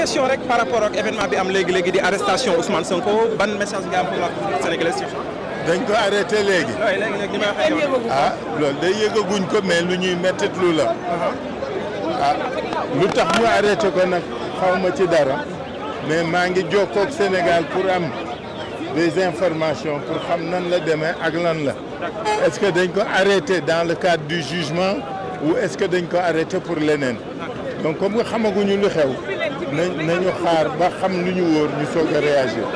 question rek rapport ak événement bi am léegi léegi di arrestation Ousmane Sonko ban message nga am pour dañ ko arrêté léegi. waaye lool léegi li may wax ko mais lu ñuy mettit lu la. Uh-huh. ah lu tax ñu arrêté ko nag xaw ma ci dara mais maa ngi jokkoog Sénégal pour am des informations pour xam nan la demee ak lan la. est-ce que dañ ko arrêté dans le cadre du jugement ou est-ce que dañ ko arrêté pour leneen. donc comme nga xamaguñu lu xew. nañ nañu xaar ba xam lu ñu wóor ñu soog a réagir.